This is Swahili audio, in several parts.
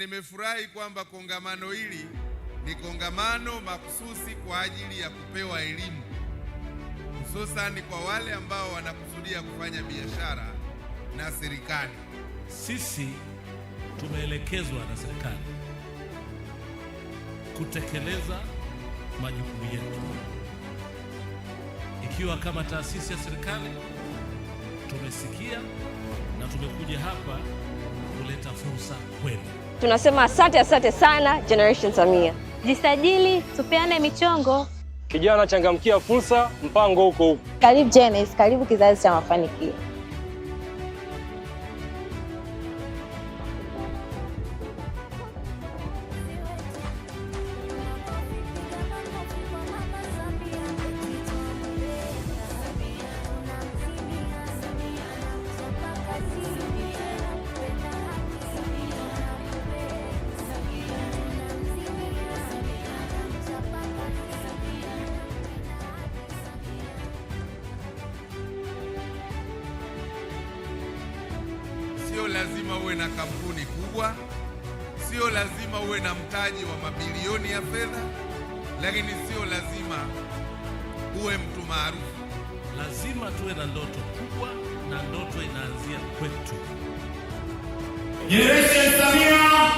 Nimefurahi kwamba kongamano hili ni kongamano mahususi kwa ajili ya kupewa elimu, hususani kwa wale ambao wanakusudia kufanya biashara na serikali. Sisi tumeelekezwa na serikali kutekeleza majukumu yetu, ikiwa kama taasisi ya serikali. Tumesikia na tumekuja hapa kuleta fursa kwenu tunasema asante, asante sana Generation Samia. Jisajili, tupeane michongo. Kijana changamkia fursa, mpango huko huko. Karibu Genes, karibu kizazi cha mafanikio. Sio lazima uwe na kampuni kubwa, sio lazima uwe na mtaji wa mabilioni ya fedha, lakini sio lazima uwe mtu maarufu. Lazima tuwe na ndoto kubwa, na ndoto inaanzia kwetu. Samia,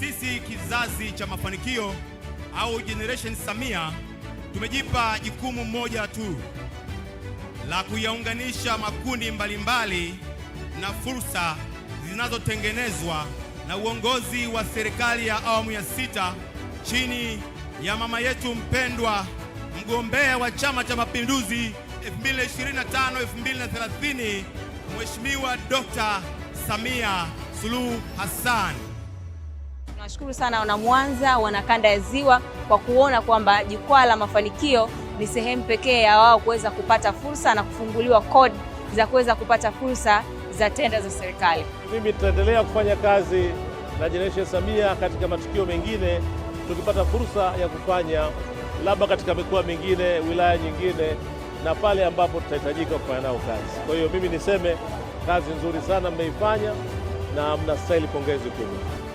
sisi kizazi cha mafanikio au generation Samia tumejipa jukumu moja tu la kuyaunganisha makundi mbalimbali na fursa zinazotengenezwa na uongozi wa serikali ya awamu ya sita chini ya mama yetu mpendwa mgombea wa Chama cha Mapinduzi 2025 2030, Mheshimiwa Dr. Samia Suluhu Hassan. Tunashukuru sana wana Mwanza, wana kanda ya Ziwa kwa kuona kwamba jukwaa la mafanikio ni sehemu pekee ya wao kuweza kupata fursa na kufunguliwa kodi za kuweza kupata fursa za tenda za serikali. Mimi tutaendelea kufanya kazi na Generation Samia katika matukio mengine, tukipata fursa ya kufanya labda katika mikoa mingine, wilaya nyingine, na pale ambapo tutahitajika kufanya nao kazi. Kwa hiyo mimi niseme kazi nzuri sana mmeifanya na mnastahili pongezi kubwa.